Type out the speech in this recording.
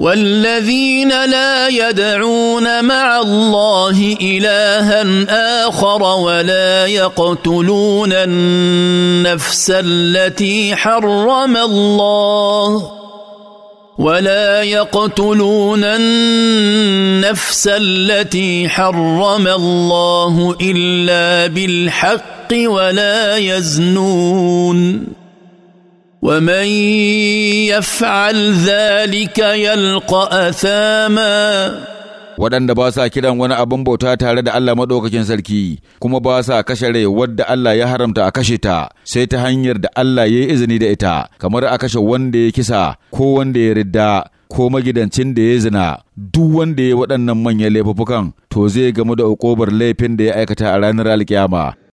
والذين لا يدعون مع الله الها اخر ولا يقتلون النفس التي حرم الله ولا يقتلون النفس التي حرم الله الا بالحق ولا يزنون ومن يفعل ذلك يلقى أثاما waɗanda ba sa kiran wani abin bauta tare da Allah maɗaukakin sarki kuma ba sa kashe rai wadda Allah ya haramta a kashe ta sai ta hanyar da Allah ya yi izini da ita kamar a kashe wanda ya kisa ko wanda ya ridda ko magidancin da ya zina duk wanda ya waɗannan manyan laifukan to zai gamu da uƙobar laifin da ya aikata a ranar alkiyama